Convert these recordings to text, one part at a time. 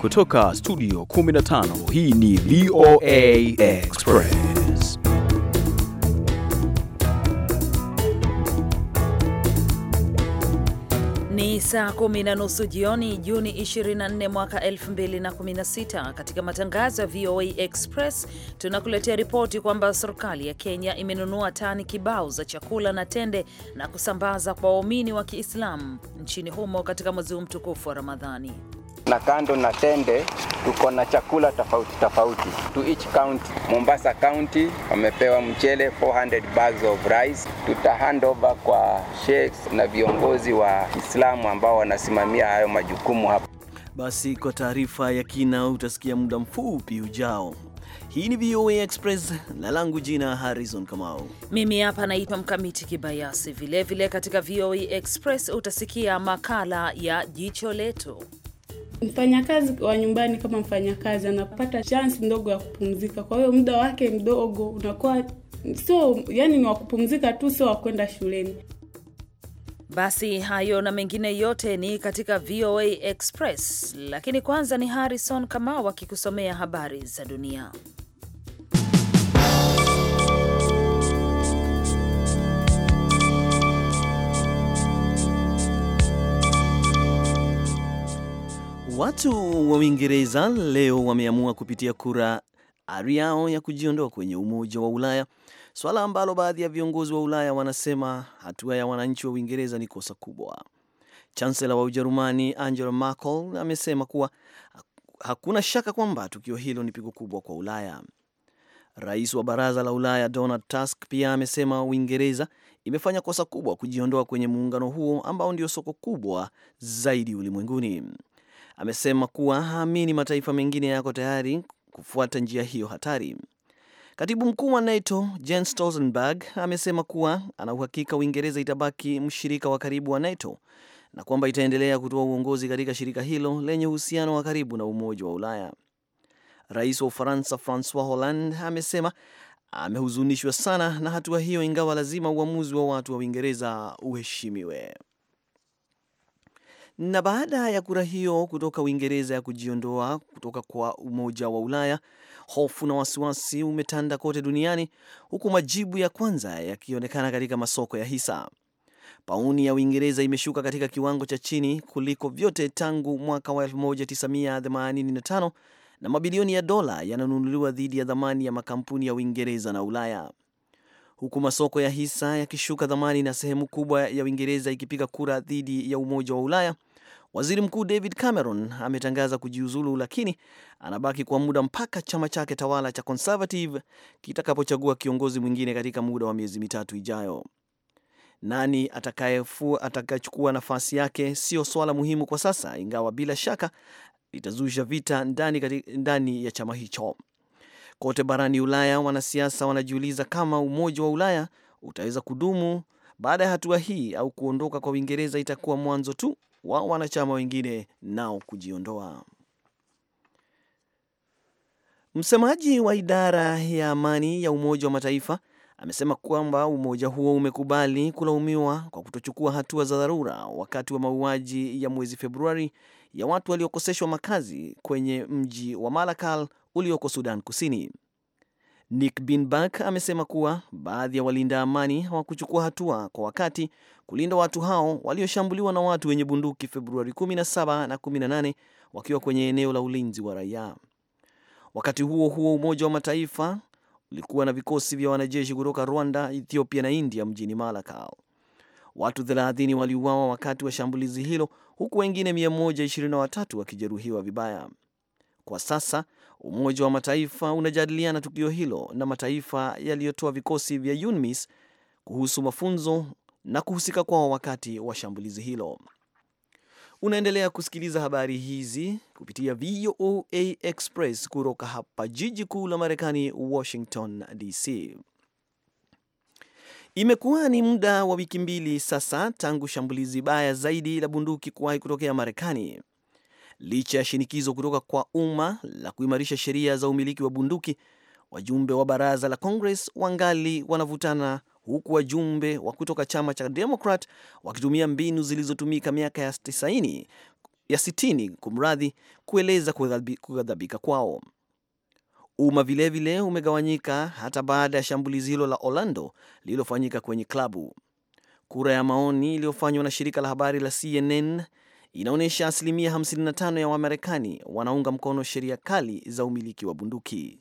Kutoka studio 15 hii ni VOA Express. Ni saa kumi na nusu jioni Juni 24 mwaka 2016. Katika matangazo ya VOA Express tunakuletea ripoti kwamba serikali ya Kenya imenunua tani kibao za chakula na tende na kusambaza kwa waumini wa Kiislamu nchini humo katika mwezi huu mtukufu wa Ramadhani na kando na tende tuko na chakula tofauti tofauti to each county. Mombasa County wamepewa mchele 400 bags of rice, tuta hand over kwa sheikhs na viongozi wa Islamu ambao wanasimamia hayo majukumu hapa. Basi kwa taarifa ya kina utasikia muda mfupi ujao. Hii ni VOA Express na langu jina Harrison Kamau. Mimi hapa naitwa Mkamiti Kibayasi. Vilevile katika VOA Express utasikia makala ya jicho letu Mfanyakazi wa nyumbani kama mfanyakazi anapata chansi ndogo ya kupumzika, kwa hiyo muda wake mdogo unakuwa sio, yani ni wa kupumzika tu, sio wakwenda shuleni. Basi hayo na mengine yote ni katika VOA Express, lakini kwanza ni Harrison Kamau akikusomea habari za dunia. Watu wa Uingereza leo wameamua kupitia kura ari yao ya kujiondoa kwenye Umoja wa Ulaya, swala ambalo baadhi ya viongozi wa Ulaya wanasema hatua ya wananchi wa Uingereza ni kosa kubwa. Chansela wa Ujerumani Angela Merkel amesema kuwa hakuna shaka kwamba tukio hilo ni pigo kubwa kwa Ulaya. Rais wa Baraza la Ulaya Donald Tusk pia amesema Uingereza imefanya kosa kubwa kujiondoa kwenye muungano huo ambao ndio soko kubwa zaidi ulimwenguni amesema kuwa haamini mataifa mengine yako tayari kufuata njia hiyo hatari. Katibu mkuu wa NATO Jens Stoltenberg amesema kuwa ana uhakika Uingereza itabaki mshirika wa karibu wa NATO na kwamba itaendelea kutoa uongozi katika shirika hilo lenye uhusiano wa karibu na Umoja wa Ulaya. Rais wa Ufaransa Francois Hollande amesema amehuzunishwa sana na hatua hiyo, ingawa lazima uamuzi wa watu wa Uingereza uheshimiwe. Na baada ya kura hiyo kutoka Uingereza ya kujiondoa kutoka kwa Umoja wa Ulaya, hofu na wasiwasi umetanda kote duniani, huku majibu ya kwanza yakionekana katika masoko ya hisa. Pauni ya Uingereza imeshuka katika kiwango cha chini kuliko vyote tangu mwaka wa 1985 na mabilioni ya dola yananunuliwa dhidi ya dhamani ya makampuni ya Uingereza na Ulaya, huku masoko ya hisa yakishuka dhamani na sehemu kubwa ya Uingereza ikipiga kura dhidi ya Umoja wa Ulaya. Waziri Mkuu David Cameron ametangaza kujiuzulu, lakini anabaki kwa muda mpaka chama chake tawala cha Conservative kitakapochagua kiongozi mwingine katika muda wa miezi mitatu ijayo. Nani atakayechukua nafasi yake sio swala muhimu kwa sasa, ingawa bila shaka litazusha vita ndani, ndani ya chama hicho. Kote barani Ulaya, wanasiasa wanajiuliza kama Umoja wa Ulaya utaweza kudumu baada ya hatua hii au kuondoka kwa Uingereza itakuwa mwanzo tu wa wanachama wengine nao kujiondoa. Msemaji wa idara ya amani ya Umoja wa Mataifa amesema kwamba umoja huo umekubali kulaumiwa kwa kutochukua hatua za dharura wakati wa mauaji ya mwezi Februari ya watu waliokoseshwa makazi kwenye mji wa Malakal ulioko Sudan Kusini. Nick Binbak amesema kuwa baadhi ya walinda amani hawakuchukua hatua kwa wakati kulinda watu hao walioshambuliwa na watu wenye bunduki Februari 17 na 18 wakiwa kwenye eneo la ulinzi wa raia. Wakati huo huo, Umoja wa Mataifa ulikuwa na vikosi vya wanajeshi kutoka Rwanda, Ethiopia na India mjini Malakal. Watu 30 waliuawa wakati wa shambulizi hilo huku wengine 123 wakijeruhiwa vibaya. Kwa sasa Umoja wa Mataifa unajadiliana tukio hilo na mataifa yaliyotoa vikosi vya UNMISS kuhusu mafunzo na kuhusika kwao wakati wa shambulizi hilo. Unaendelea kusikiliza habari hizi kupitia VOA Express kutoka hapa jiji kuu la Marekani, Washington DC. Imekuwa ni muda wa wiki mbili sasa tangu shambulizi baya zaidi la bunduki kuwahi kutokea Marekani Licha ya shinikizo kutoka kwa umma la kuimarisha sheria za umiliki wa bunduki, wajumbe wa baraza la Congress wangali wanavutana, huku wajumbe wa kutoka chama cha Democrat wakitumia mbinu zilizotumika miaka ya 90 ya 60 kumradhi, kueleza kughadhabika kwao. Umma vilevile umegawanyika hata baada ya shambulizi hilo la Orlando lililofanyika kwenye klabu. Kura ya maoni iliyofanywa na shirika la habari la CNN inaonyesha asilimia 55 ya Wamarekani wanaunga mkono sheria kali za umiliki wa bunduki.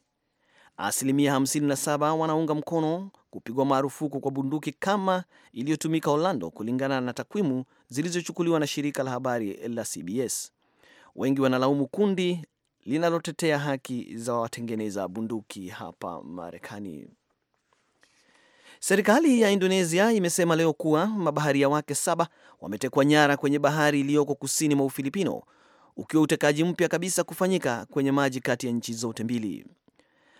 Asilimia 57 wanaunga mkono kupigwa marufuku kwa bunduki kama iliyotumika Orlando, kulingana na takwimu zilizochukuliwa na shirika la habari la CBS. Wengi wanalaumu kundi linalotetea haki za watengeneza bunduki hapa Marekani. Serikali ya Indonesia imesema leo kuwa mabaharia wake saba wametekwa nyara kwenye bahari iliyoko kusini mwa Ufilipino, ukiwa utekaji mpya kabisa kufanyika kwenye maji kati ya nchi zote mbili.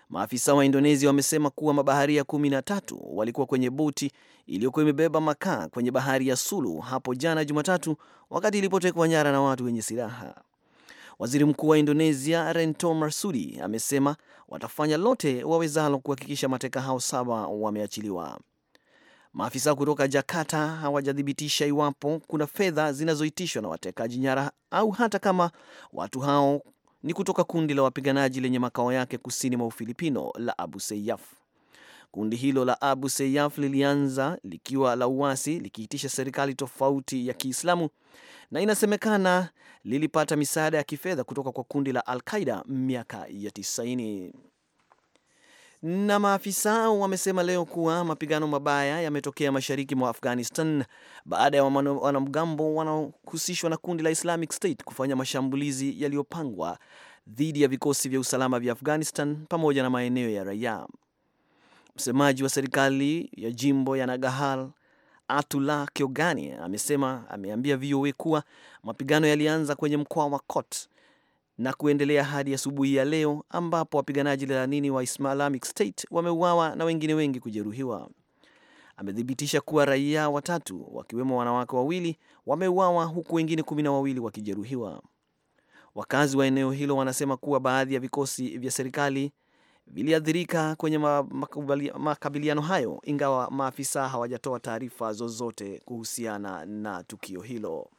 Maafisa wa Indonesia wamesema kuwa mabaharia kumi na tatu walikuwa kwenye boti iliyokuwa imebeba makaa kwenye bahari ya Sulu hapo jana Jumatatu, wakati ilipotekwa nyara na watu wenye silaha. Waziri Mkuu wa Indonesia rento Marsudi amesema watafanya lote wawezalo kuhakikisha mateka hao saba wameachiliwa. Maafisa kutoka Jakarta hawajathibitisha iwapo kuna fedha zinazoitishwa na watekaji nyara au hata kama watu hao ni kutoka kundi la wapiganaji lenye makao yake kusini mwa Ufilipino la Abu Sayyaf. Kundi hilo la Abu seyaf lilianza likiwa la uasi likiitisha serikali tofauti ya Kiislamu na inasemekana lilipata misaada ya kifedha kutoka kwa kundi la Al-Qaida miaka ya 90. Na maafisa wamesema leo kuwa mapigano mabaya yametokea mashariki mwa Afghanistan baada ya wanamgambo wanaohusishwa na kundi la Islamic State kufanya mashambulizi yaliyopangwa dhidi ya vikosi vya usalama vya Afghanistan pamoja na maeneo ya raia. Msemaji wa serikali ya jimbo ya nagahal Atula Kiogani amesema ameambia VOA kuwa mapigano yalianza kwenye mkoa wa Kot na kuendelea hadi asubuhi ya, ya leo ambapo wapiganaji thelathini wa Islamic State wameuawa na wengine wengi kujeruhiwa. Amethibitisha kuwa raia watatu wakiwemo wanawake wawili wameuawa huku wengine kumi na wawili wakijeruhiwa. Wakazi wa eneo hilo wanasema kuwa baadhi ya vikosi vya serikali viliathirika kwenye makabiliano hayo, ingawa maafisa hawajatoa taarifa zozote kuhusiana na tukio hilo.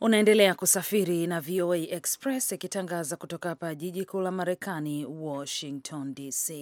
Unaendelea kusafiri na VOA Express ikitangaza kutoka hapa jiji kuu la Marekani, Washington DC.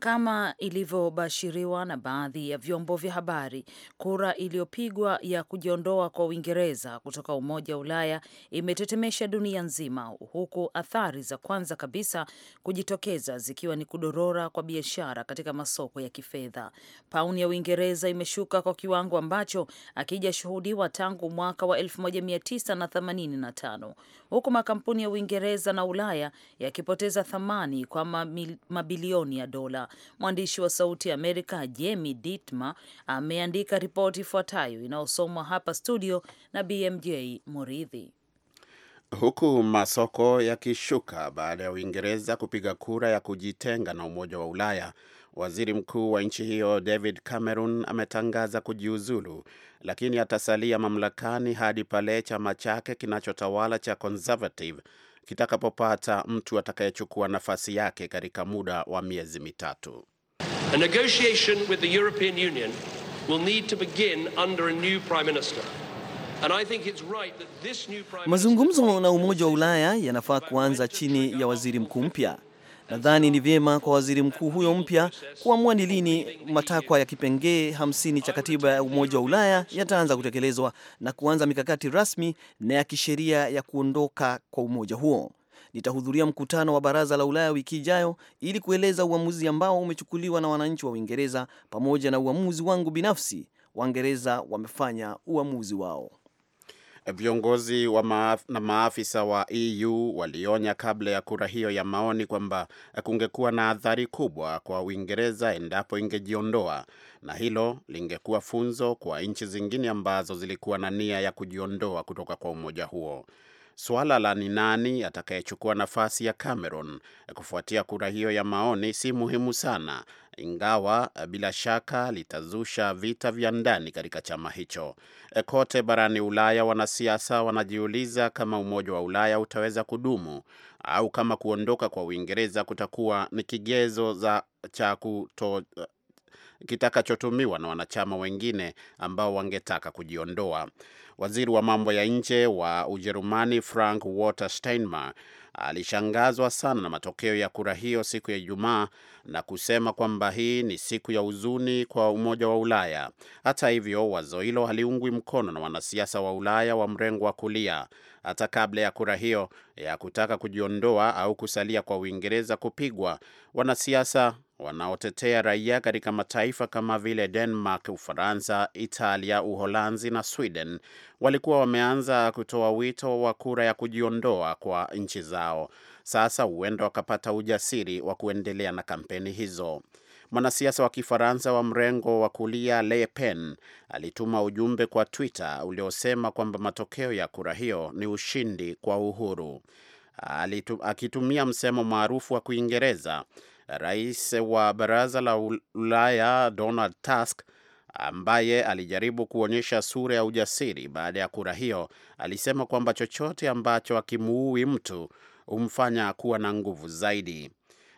Kama ilivyobashiriwa na baadhi ya vyombo vya habari, kura iliyopigwa ya kujiondoa kwa Uingereza kutoka Umoja wa Ulaya imetetemesha dunia nzima, huku athari za kwanza kabisa kujitokeza zikiwa ni kudorora kwa biashara katika masoko ya kifedha. Pauni ya Uingereza imeshuka kwa kiwango ambacho akijashuhudiwa tangu mwaka wa 1985 huku makampuni ya Uingereza na Ulaya yakipoteza thamani kwa mabilioni ya dola. Mwandishi wa Sauti ya Amerika Jemi Ditma ameandika ripoti ifuatayo inayosomwa hapa studio na BMJ Muridhi. Huku masoko yakishuka baada ya Uingereza kupiga kura ya kujitenga na Umoja wa Ulaya, Waziri mkuu wa nchi hiyo David Cameron ametangaza kujiuzulu, lakini atasalia mamlakani hadi pale chama chake kinachotawala cha Conservative kitakapopata mtu atakayechukua nafasi yake katika muda wa miezi mitatu. A negotiation with the European Union will need to begin under a new prime minister. Right prime... mazungumzo na Umoja wa Ulaya yanafaa kuanza chini ya waziri mkuu mpya. Nadhani ni vyema kwa waziri mkuu huyo mpya kuamua ni lini matakwa ya kipengee hamsini cha katiba ya Umoja wa Ulaya yataanza kutekelezwa na kuanza mikakati rasmi na ya kisheria ya kuondoka kwa umoja huo. Nitahudhuria mkutano wa Baraza la Ulaya wiki ijayo ili kueleza uamuzi ambao umechukuliwa na wananchi wa Uingereza pamoja na uamuzi wangu binafsi. Waingereza wamefanya uamuzi wao. Viongozi wa maaf, na maafisa wa EU walionya kabla ya kura hiyo ya maoni kwamba kungekuwa na athari kubwa kwa Uingereza endapo ingejiondoa, na hilo lingekuwa funzo kwa nchi zingine ambazo zilikuwa na nia ya kujiondoa kutoka kwa umoja huo swala la ni nani atakayechukua nafasi ya Cameron kufuatia kura hiyo ya maoni si muhimu sana, ingawa bila shaka litazusha vita vya ndani katika chama hicho. Kote barani Ulaya, wanasiasa wanajiuliza kama umoja wa Ulaya utaweza kudumu au kama kuondoka kwa Uingereza kutakuwa ni kigezo za cha kuto kitakachotumiwa na wanachama wengine ambao wangetaka kujiondoa waziri wa mambo ya nje wa Ujerumani Frank Walter Steinmeier alishangazwa sana na matokeo ya kura hiyo siku ya Ijumaa na kusema kwamba hii ni siku ya huzuni kwa Umoja wa Ulaya. Hata hivyo, wazo hilo haliungwi mkono na wanasiasa wa Ulaya wa mrengo wa kulia. Hata kabla ya kura hiyo ya kutaka kujiondoa au kusalia kwa Uingereza kupigwa, wanasiasa wanaotetea raia katika mataifa kama vile Denmark, Ufaransa, Italia, Uholanzi na Sweden walikuwa wameanza kutoa wito wa kura ya kujiondoa kwa nchi zao. Sasa huenda wakapata ujasiri wa kuendelea na kampeni hizo. Mwanasiasa wa Kifaransa wa mrengo wa kulia Le Pen alituma ujumbe kwa Twitter uliosema kwamba matokeo ya kura hiyo ni ushindi kwa uhuru. Alitu, akitumia msemo maarufu wa Kiingereza rais wa baraza la Ulaya Donald Tusk ambaye alijaribu kuonyesha sura ya ujasiri baada ya kura hiyo, alisema kwamba chochote ambacho akimuui mtu humfanya kuwa na nguvu zaidi.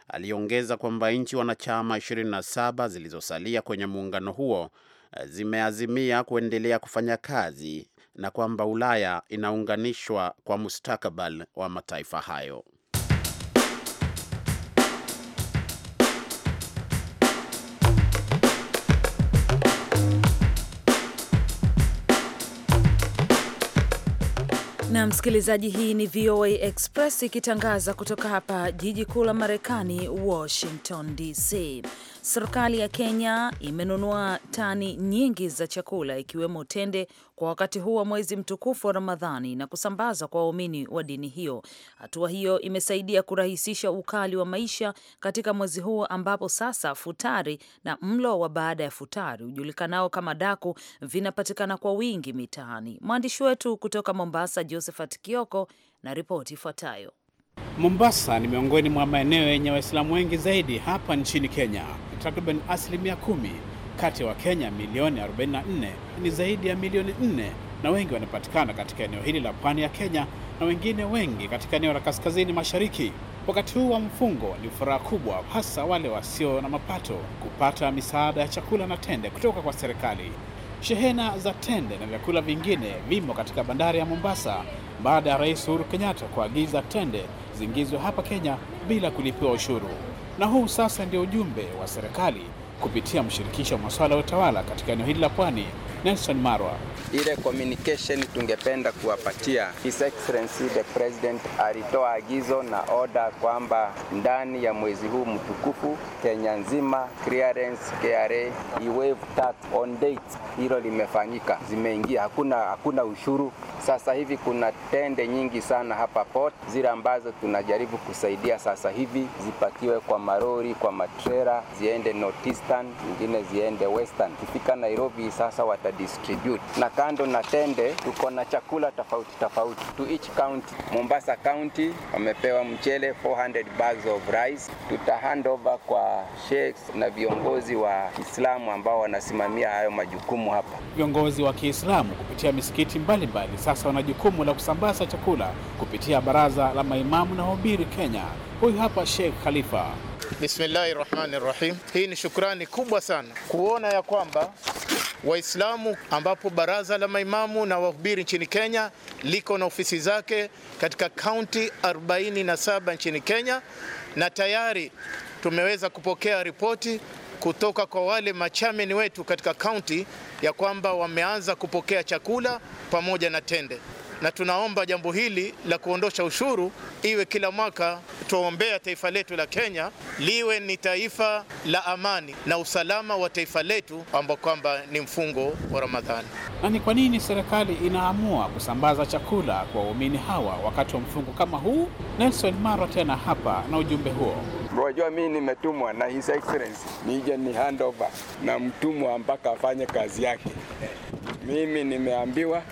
Aliongeza kwamba nchi wanachama 27 zilizosalia kwenye muungano huo eh, zimeazimia kuendelea kufanya kazi na kwamba Ulaya inaunganishwa kwa mustakabali wa mataifa hayo. na msikilizaji, hii ni VOA Express ikitangaza kutoka hapa jiji kuu la Marekani, Washington DC. Serikali ya Kenya imenunua tani nyingi za chakula ikiwemo tende kwa wakati huu wa mwezi mtukufu wa Ramadhani na kusambaza kwa waumini wa dini hiyo. Hatua hiyo imesaidia kurahisisha ukali wa maisha katika mwezi huo ambapo sasa futari na mlo wa baada ya futari hujulikanao kama daku vinapatikana kwa wingi mitaani. Mwandishi wetu kutoka Mombasa, Josephat Kioko, na ripoti ifuatayo. Mombasa ni miongoni mwa maeneo yenye Waislamu wengi zaidi hapa nchini Kenya. Takriban asilimia kumi kati ya Wakenya milioni 44 ni zaidi ya milioni 4, na wengi wanapatikana katika eneo hili la pwani ya Kenya na wengine wengi katika eneo la kaskazini mashariki. Wakati huu wa mfungo ni furaha kubwa, hasa wale wasio na mapato kupata misaada ya chakula na tende kutoka kwa serikali. Shehena za tende na vyakula vingine vimo katika bandari ya Mombasa baada ya Rais Uhuru Kenyatta kuagiza tende ziingizwe hapa Kenya bila kulipiwa ushuru. Na huu sasa ndio ujumbe wa serikali kupitia mshirikisho wa masuala ya utawala katika eneo hili la pwani Nelson Marwa. Ile communication tungependa kuwapatia His Excellency the President alitoa agizo na oda kwamba ndani ya mwezi huu mtukufu Kenya nzima clearance KRA iwave e tax on date. Hilo limefanyika, zimeingia, hakuna hakuna ushuru. Sasa hivi kuna tende nyingi sana hapa port, zile ambazo tunajaribu kusaidia sasa hivi zipatiwe kwa marori, kwa matrela, ziende northeastern, nyingine ziende western. Kifika Nairobi sasa wata distribute. Na kando na tende, tuko na chakula tofauti tofauti to each county. Mombasa County wamepewa mchele 400 bags of rice, tuta hand over kwa sheikhs na viongozi wa Kiislamu ambao wanasimamia hayo majukumu hapa. Viongozi wa Kiislamu kupitia misikiti mbalimbali mbali, sasa wana jukumu la kusambaza chakula kupitia baraza la maimamu na wahubiri Kenya. Huyu hapa Sheikh Khalifa. Bismillahir Rahim. Hii ni shukrani kubwa sana kuona ya kwamba Waislamu, ambapo baraza la maimamu na wahubiri nchini Kenya liko na ofisi zake katika kaunti 47 nchini Kenya, na tayari tumeweza kupokea ripoti kutoka kwa wale machameni wetu katika kaunti ya kwamba wameanza kupokea chakula pamoja na tende na tunaomba jambo hili la kuondosha ushuru iwe kila mwaka. Tuombea taifa letu la Kenya liwe ni taifa la amani na usalama wa taifa letu, ambao kwamba ni mfungo wa Ramadhani. Na ni kwa nini serikali inaamua kusambaza chakula kwa waumini hawa wakati wa mfungo kama huu? Nelson Maro tena hapa na ujumbe huo. Wajua, mimi nimetumwa na His Excellency nije ni handover na mtumwa mpaka afanye kazi yake. Mimi nimeambiwa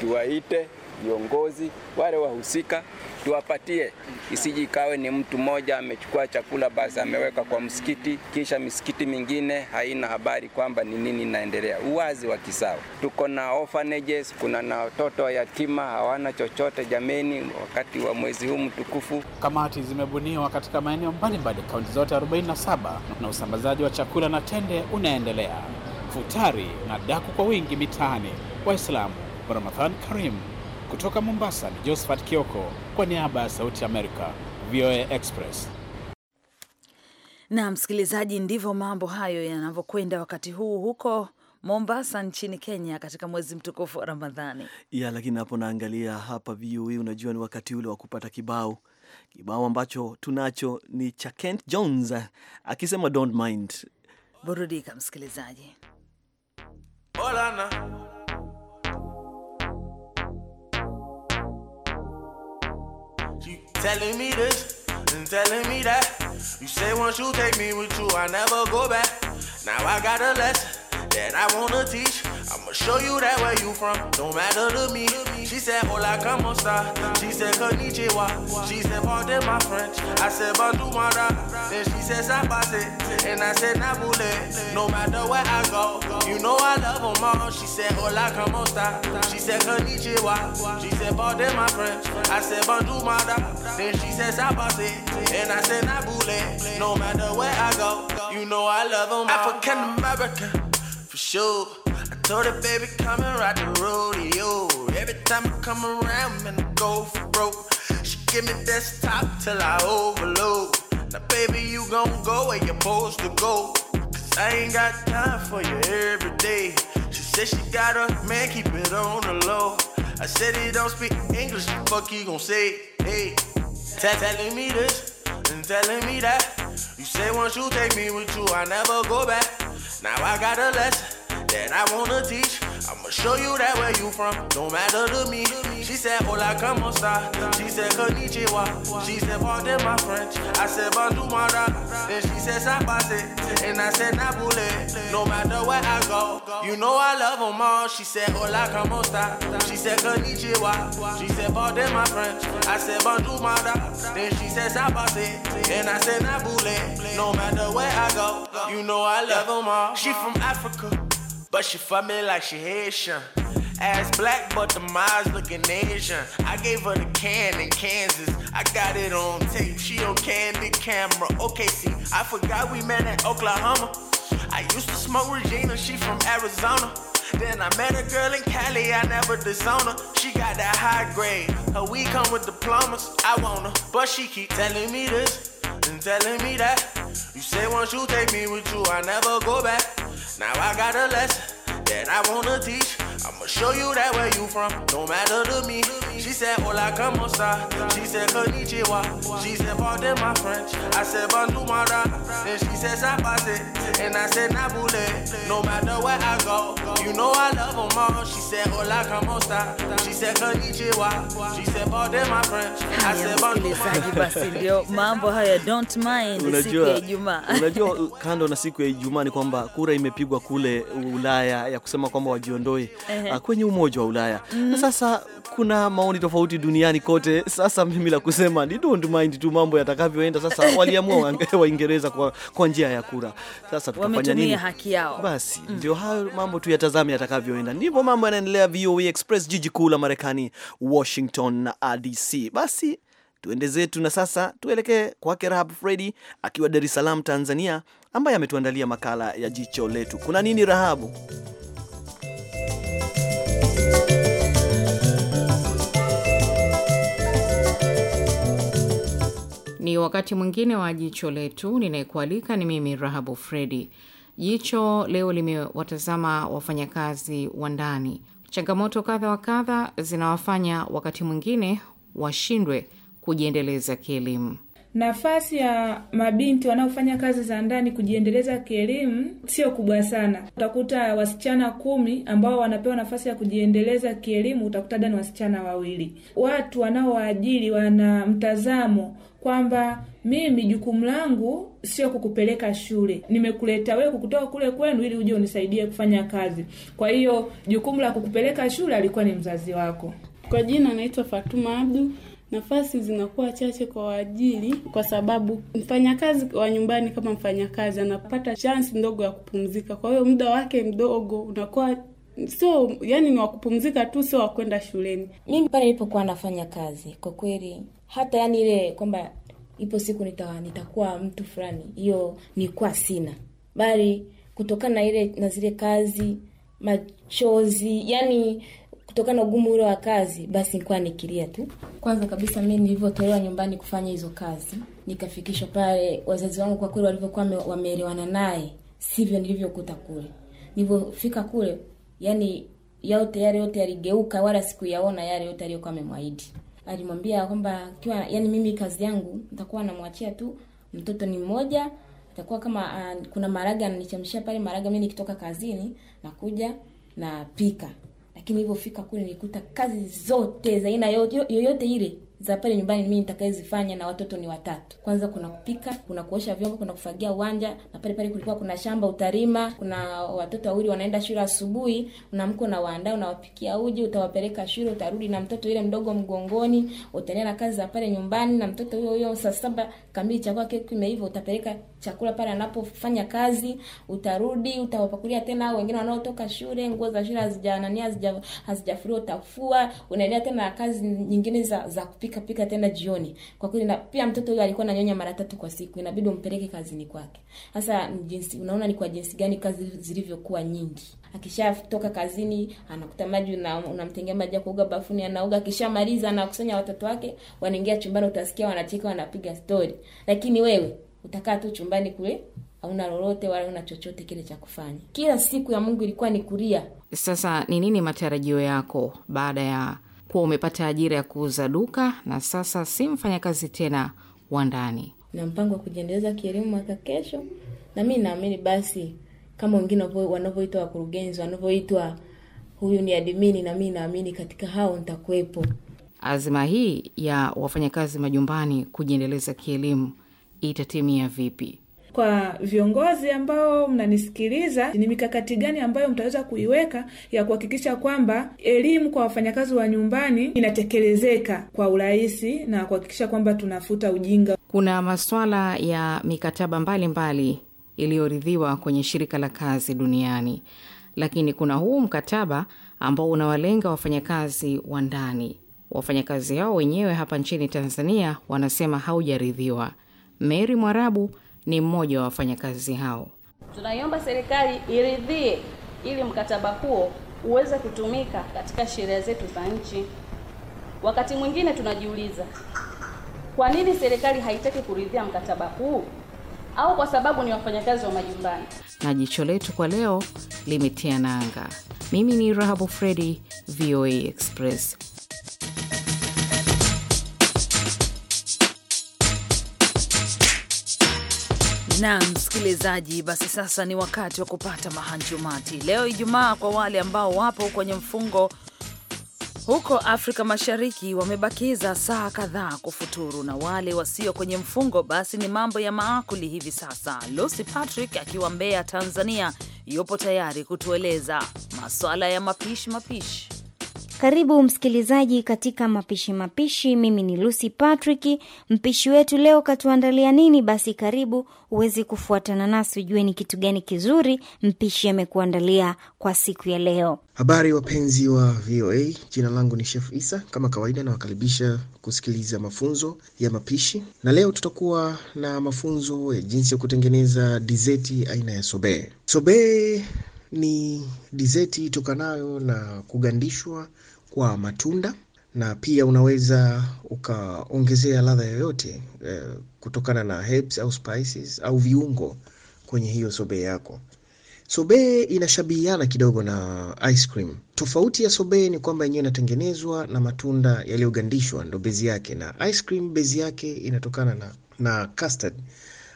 tuwaite viongozi wale wahusika tuwapatie, isiji ikawe ni mtu mmoja amechukua chakula basi ameweka kwa msikiti, kisha misikiti mingine haina habari kwamba ni nini inaendelea. Uwazi wa kisawa. Tuko na orphanages, kuna na watoto wa yatima hawana chochote. Jameni, wakati wa mwezi huu mtukufu, kamati zimebuniwa katika maeneo mbalimbali kaunti zote 47 na usambazaji wa chakula na tende unaendelea futari na daku kwa wingi mitaani. Waislamu. Ramadhan Karim, kutoka Mombasa ni Josephat Kioko kwa niaba ya Sauti Amerika, VOA Express. Na msikilizaji, ndivyo mambo hayo yanavyokwenda wakati huu huko Mombasa nchini Kenya katika mwezi mtukufu wa Ramadhani. Ya, lakini hapo naangalia hapa VOA, unajua ni wakati ule wa kupata kibao kibao ambacho tunacho ni cha Kent Jones akisema don't mind. Burudika msikilizaji. Olana. telling me this and telling me that. You say once you take me with you, I never go back. Now I got a lesson that I wanna teach. I'ma show you that where you from. Don't matter to me. She said, Hola, como esta? She said, Konnichiwa. She said, Pardon my French. I said, Bandu Mara. Then she says said, Sabase. And I said, Nabule. No matter where I go, you know I love them all. She said, Hola, como esta? She said, Konnichiwa. She said, Pardon my French. I said, Bandu Mara. Then she says said, Sabase. And I said, Nabule. No matter where I go, you know I love them all. African American, for sure. So the baby come and ride the rodeo. Every time I come around, man, I go for broke. She give me desktop till I overload. Now, baby, you gon' go where you're supposed to go. Cause I ain't got time for you every day. She said she got a man, keep it on the low. I said he don't speak English, the fuck he gon' say? Hey, telling me this and telling me that. You say once you take me with you, I never go back. Now I got a lesson that I wanna teach. I'ma show you that where you from, No matter to me. She said, Hola, come on, star. She said, Konnichiwa. She said, Pardon my French. I said, Bandu Mara. Then she said, Sabase. And I said, Nabule. No matter where I go, you know I love them all. She said, Hola, come on, star. She said, Konnichiwa. She said, Pardon my French. I said, Bandu Mara. Then she said, Sabase. And I said, Nabule. No matter where I go, you know I love them all. She from Africa. But she fuck me like she Haitian. Ass black, but the eyes looking Asian. I gave her the can in Kansas. I got it on tape. She on candy camera. Okay, see, I forgot we met in Oklahoma. I used to smoke Regina. She from Arizona. Then I met a girl in Cali, I never disown her. She got that high grade, her we come with diplomas. I want her, but she keep telling me this and telling me that. You say once you take me with you, I never go back. Now I got a lesson that I wanna teach. I'ma show you that where you from, don't matter to me. She said, Hola, on, sir. She said, Konnichiwa. She said, Pardon my French. I said, Bandu mara. Then she said, Sapase. And I said, Nabule. No matter where I go, you know I love them all. She said, Hola, on, sir. She said, Konnichiwa. She said, Pardon my French. I said, Bandu mara. Mambo haya, don't mind. Siku ya Ijumaa. Unajua, kando na siku ya Ijumaa ni kwamba kura imepigwa kule Ulaya ya kusema kwamba wajiondoe Ah, kwenye Umoja wa Ulaya mm. Na sasa kuna maoni tofauti duniani kote. Sasa mimi la kusema ni don't mind tu mambo yatakavyoenda. Sasa waliamua Waingereza kwa, kwa njia ya kura. Sasa tutafanya nini? Haki yao basi mm. Ndio hayo mambo tu yatazame yatakavyoenda. Ndivyo mambo yanaendelea. VOA Express, jiji kuu la Marekani, Washington na DC. Basi tuende zetu na sasa tuelekee kwake Rahab Fredi akiwa Dar es Salaam, Tanzania, ambaye ametuandalia makala ya jicho letu. Kuna nini Rahabu? Ni wakati mwingine wa jicho letu. Ninayekualika ni mimi Rahabu Fredi. Jicho leo limewatazama wafanyakazi wa ndani. Changamoto kadha wa kadha zinawafanya wakati mwingine washindwe kujiendeleza kielimu nafasi ya mabinti wanaofanya kazi za ndani kujiendeleza kielimu sio kubwa sana. Utakuta wasichana kumi ambao wanapewa nafasi ya kujiendeleza kielimu, utakuta dani wasichana wawili. Watu wanaowaajiri wana mtazamo kwamba mimi jukumu langu sio kukupeleka shule, nimekuleta wewe kukutoa kule kwenu ili uje unisaidie kufanya kazi. Kwa hiyo jukumu la kukupeleka shule alikuwa ni mzazi wako. Kwa jina naitwa Fatuma Abdu nafasi zinakuwa chache kwa ajili, kwa sababu mfanyakazi wa nyumbani kama mfanyakazi anapata chansi ndogo ya kupumzika, kwa hiyo muda wake mdogo unakuwa sio, yani ni wakupumzika tu, sio wakwenda shuleni. Mimi pale nilipokuwa nafanya kazi, kwa kweli hata yani ile kwamba ipo siku nita, nitakuwa mtu fulani, hiyo nilikuwa sina, bali kutokana na ile na zile kazi machozi yani kutokana na ugumu ule wa kazi, basi nikuwa nikilia tu. Kwanza kabisa, mimi nilivyotolewa nyumbani kufanya hizo kazi, nikafikishwa pale, wazazi wangu kwa kweli walivyokuwa wameelewana naye sivyo nilivyokuta kule. Nilivyofika kule, yani yao tayari yote yaligeuka, wala sikuyaona yale yote aliyokuwa amemwahidi. Alimwambia kwamba kiwa, yani mimi kazi yangu nitakuwa namwachia tu mtoto ni mmoja, atakuwa kama uh, kuna maraga ananichamshia pale maraga, mi nikitoka kazini nakuja napika lakini ilivyofika kule nikuta kazi zote za aina yoyote ile za pale nyumbani mimi nitakayezifanya, na watoto ni watatu. Kwanza kuna kupika, kuna kuosha vyombo, kuna kufagia uwanja, na pale pale kulikuwa kuna shamba utarima. Kuna watoto wawili wanaenda shule asubuhi, unamka na waandaa, unawapikia uji, utawapeleka shule, utarudi na mtoto ile mdogo mgongoni, utaendelea na kazi za pale nyumbani na mtoto huyo huyo. Saa saba kamili chakula keki imeiva, utapeleka chakula pale anapofanya kazi, utarudi utawapakulia tena wengine wanaotoka shule, nguo za shule hazijanania hazijafuria hazija utafua, unaendelea tena na kazi nyingine za za kupika pika tena jioni. Kwa kweli, na pia mtoto huyo alikuwa ananyonya mara tatu kwa siku, inabidi umpeleke kazini kwake. Sasa jinsi unaona ni kwa jinsi gani kazi zilivyokuwa nyingi. Akishatoka kazini anakuta maji, unamtengea maji ya kuoga bafuni, anaoga. Akishamaliza anakusanya watoto wake, wanaingia chumbani, utasikia wanacheka, wanapiga stori, lakini wewe utakaa tu chumbani kule, hauna lolote wala una chochote kile cha kufanya. Kila siku ya Mungu ilikuwa ni kulia. Sasa ni nini matarajio yako baada ya kuwa umepata ajira ya kuuza duka na sasa si mfanyakazi tena wa ndani? Na mpango wa kujiendeleza kielimu mwaka kesho, na mi naamini basi, kama wengine wanavyoitwa wakurugenzi, wanavyoitwa huyu ni adimini, na mi naamini katika hao nitakuwepo. Azima hii ya wafanyakazi majumbani kujiendeleza kielimu itatimia vipi? Kwa viongozi ambao mnanisikiliza, ni mikakati gani ambayo mtaweza kuiweka ya kuhakikisha kwamba elimu kwa wafanyakazi wa nyumbani inatekelezeka kwa urahisi na kuhakikisha kwamba tunafuta ujinga? Kuna masuala ya mikataba mbalimbali iliyoridhiwa kwenye shirika la kazi duniani, lakini kuna huu mkataba ambao unawalenga wafanyakazi wa ndani. Wafanyakazi hao wenyewe hapa nchini Tanzania wanasema haujaridhiwa. Mary Mwarabu ni mmoja wa wafanyakazi hao. Tunaiomba serikali iridhie ili mkataba huo uweze kutumika katika sheria zetu za nchi. Wakati mwingine tunajiuliza kwa nini serikali haitaki kuridhia mkataba huu, au kwa sababu ni wafanyakazi wa majumbani. Na jicho letu kwa leo limetia nanga. Mimi ni Rahabu Fredi, VOA Express. na msikilizaji, basi sasa ni wakati wa kupata mahanjumati leo Ijumaa. Kwa wale ambao wapo kwenye mfungo huko Afrika Mashariki, wamebakiza saa kadhaa kufuturu, na wale wasio kwenye mfungo, basi ni mambo ya maakuli hivi sasa. Lucy Patrick akiwa Mbeya, Tanzania, yupo tayari kutueleza maswala ya mapishi mapishi. Karibu msikilizaji katika mapishi mapishi. Mimi ni Lucy Patrick. Mpishi wetu leo katuandalia nini? Basi karibu uweze kufuatana nasi ujue ni kitu gani kizuri mpishi amekuandalia kwa siku ya leo. Habari wapenzi wa VOA, jina langu ni Chef Isa. Kama kawaida, nawakaribisha kusikiliza mafunzo ya mapishi, na leo tutakuwa na mafunzo ya jinsi ya kutengeneza dizeti aina ya sobee sobee ni dizeti itokanayo na kugandishwa kwa matunda na pia unaweza ukaongezea ladha yoyote eh, kutokana na herbs au spices au viungo kwenye hiyo sobe yako. Sobe inashabihiana kidogo na ice cream. Tofauti ya sobe ni kwamba yenyewe inatengenezwa na matunda yaliyogandishwa ndo bezi yake, na ice cream bezi yake inatokana na, na custard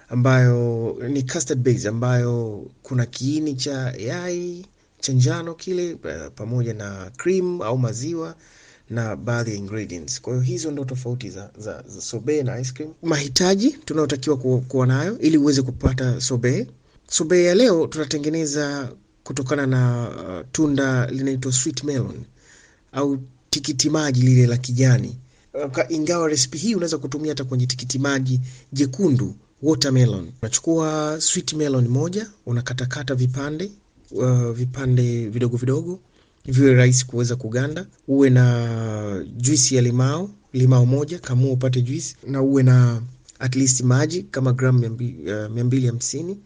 ambayo ni custard base ambayo kuna kiini cha yai cha njano kile pamoja na cream au maziwa na baadhi ya ingredients. Kwa hiyo hizo ndo tofauti za, za, za sobe na ice cream. Mahitaji tunayotakiwa kuwa nayo ili uweze kupata sobe. Sobe ya leo tunatengeneza kutokana na uh, tunda linaitwa sweet melon au tikiti maji lile la kijani. Uh, ingawa recipe hii unaweza kutumia hata kwenye tikiti maji jekundu watermelon. Unachukua sweet melon moja, unakatakata vipande uh, vipande vidogo vidogo viwe rahisi kuweza kuganda. Uwe na juisi ya limao, limao moja kamua upate juisi, na uwe na at least maji kama gram mia uh, mbili hamsini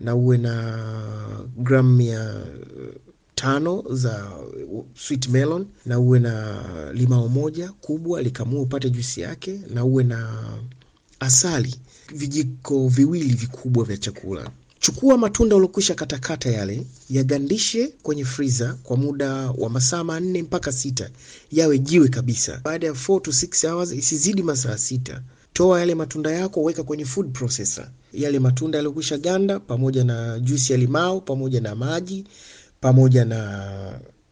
na uwe na gramu mia tano za uh, sweet melon na uwe na limao moja kubwa likamua upate juisi yake, na uwe na asali vijiko viwili vikubwa vya chakula. Chukua matunda uliokwisha katakata yale, yagandishe kwenye friza kwa muda wa masaa manne mpaka sita, yawe jiwe kabisa. Baada ya 4 to 6 hours, isizidi masaa sita. Toa yale matunda yako, weka kwenye food processor. Yale matunda yaliyokwisha ganda pamoja na juisi ya limao pamoja na maji pamoja na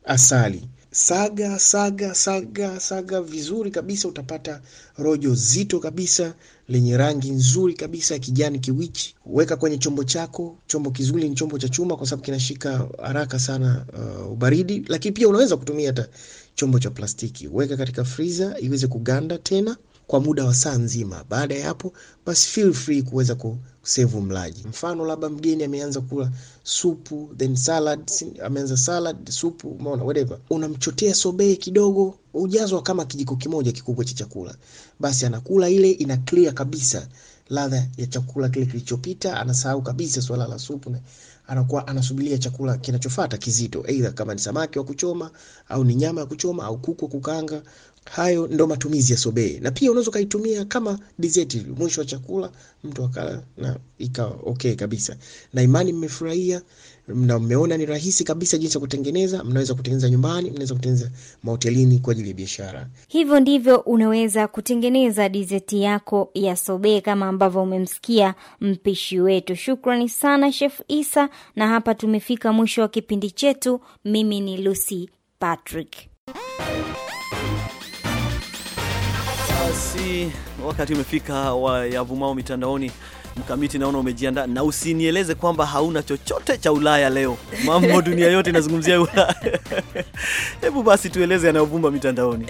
asali saga saga saga saga vizuri kabisa, utapata rojo zito kabisa lenye rangi nzuri kabisa ya kijani kiwichi. Weka kwenye chombo chako. Chombo kizuri ni chombo cha chuma, kwa sababu kinashika haraka sana uh, ubaridi, lakini pia unaweza kutumia hata chombo cha plastiki. Weka katika freezer iweze kuganda tena kwa muda wa saa nzima. Baada ya hapo, basi feel free kuweza kusevu mlaji. Mfano labda mgeni ameanza kula supu then salad, ameanza salad supu, umeona whatever, unamchotea sobe kidogo, ujazwa kama kijiko kimoja kikubwa cha chakula, basi anakula ile, ina clear kabisa ladha ya chakula kile kilichopita, anasahau kabisa swala la supu na anakuwa anasubiria chakula kinachofuata kizito, aidha kama ni samaki wa kuchoma au ni nyama ya kuchoma au kuku wa kukanga Hayo ndo matumizi ya sobei na pia unaweza ukaitumia kama dessert, mwisho wa chakula mtu akala na ikawa okay kabisa. Na imani mmefurahia na mmeona ni rahisi kabisa jinsi ya kutengeneza. Mnaweza kutengeneza nyumbani, mnaweza kutengeneza mahotelini kwa ajili ya biashara. Hivyo ndivyo unaweza kutengeneza dizeti yako ya sobe, kama ambavyo umemsikia mpishi wetu. Shukrani sana Chef Isa, na hapa tumefika mwisho wa kipindi chetu. Mimi ni Lucy Patrick. Basi wakati umefika wa yavumao mitandaoni. Mkamiti, naona umejiandaa na usinieleze kwamba hauna chochote cha Ulaya leo. Mambo dunia yote inazungumzia Ulaya. Hebu basi tueleze anayovumba mitandaoni.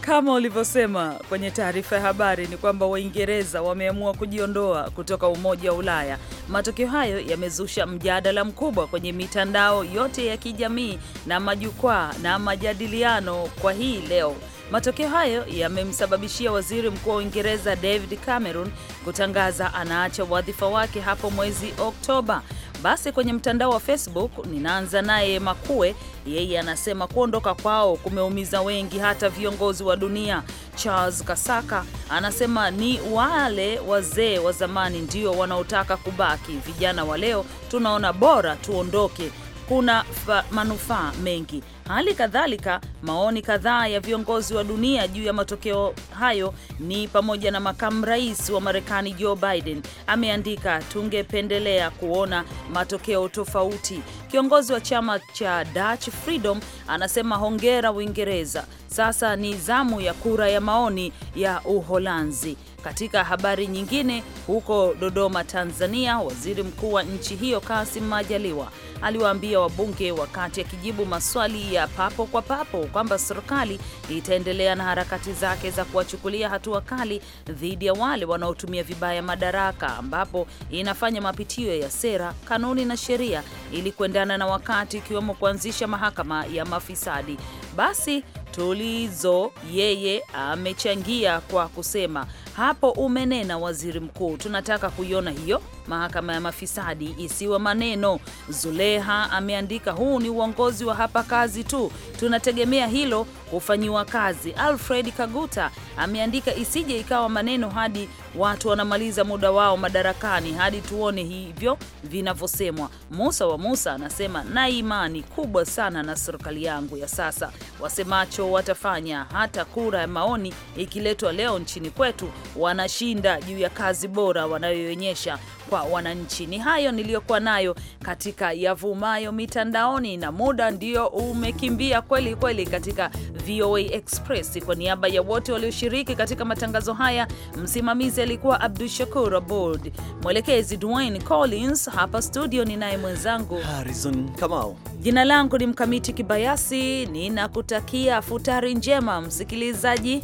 Kama ulivyosema kwenye taarifa ya habari ni kwamba Waingereza wameamua kujiondoa kutoka Umoja wa Ulaya. Matokeo hayo yamezusha mjadala mkubwa kwenye mitandao yote ya kijamii na majukwaa na majadiliano kwa hii leo Matokeo hayo yamemsababishia waziri mkuu wa Uingereza David Cameron kutangaza anaacha wadhifa wake hapo mwezi Oktoba. Basi kwenye mtandao wa Facebook ninaanza naye Makue, yeye anasema kuondoka kwao kumeumiza wengi, hata viongozi wa dunia. Charles Kasaka anasema ni wale wazee wa zamani ndio wanaotaka kubaki, vijana wa leo tunaona bora tuondoke, kuna manufaa mengi Hali kadhalika maoni kadhaa ya viongozi wa dunia juu ya matokeo hayo ni pamoja na makamu rais wa Marekani Joe Biden ameandika, tungependelea kuona matokeo tofauti. Kiongozi wa chama cha Dutch Freedom anasema hongera Uingereza, sasa ni zamu ya kura ya maoni ya Uholanzi. Katika habari nyingine, huko Dodoma, Tanzania, waziri mkuu wa nchi hiyo Kassim Majaliwa aliwaambia wabunge wakati akijibu maswali ya papo kwa papo kwamba serikali itaendelea na harakati zake za kuwachukulia hatua kali dhidi ya wale wanaotumia vibaya madaraka, ambapo inafanya mapitio ya sera, kanuni na sheria ili kuendana na wakati, ikiwemo kuanzisha mahakama ya mafisadi. Basi Tulizo yeye amechangia kwa kusema hapo umenena waziri mkuu, tunataka kuiona hiyo mahakama ya mafisadi isiwe maneno. Zuleha ameandika huu ni uongozi wa hapa kazi tu, tunategemea hilo kufanyiwa kazi. Alfred Kaguta ameandika isije ikawa maneno hadi watu wanamaliza muda wao madarakani, hadi tuone hivyo vinavyosemwa. Musa wa Musa anasema na imani kubwa sana na serikali yangu ya sasa, wasemacho watafanya. Hata kura ya maoni ikiletwa leo nchini kwetu wanashinda juu ya kazi bora wanayoonyesha kwa wananchi. Ni hayo niliyokuwa nayo katika yavumayo mitandaoni, na muda ndio umekimbia kweli kweli katika VOA Express. Kwa niaba ya wote walioshiriki katika matangazo haya, msimamizi alikuwa Abdu Shakur Abord, mwelekezi Dwayne Collins, hapa studio ni naye mwenzangu Harrison Kamau. Jina langu ni Mkamiti Kibayasi, ninakutakia futari njema msikilizaji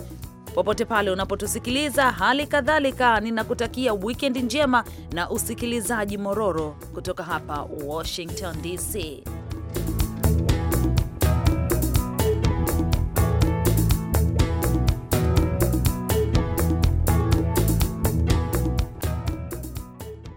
popote pale unapotusikiliza. Hali kadhalika ninakutakia wikendi njema na usikilizaji mororo kutoka hapa Washington DC.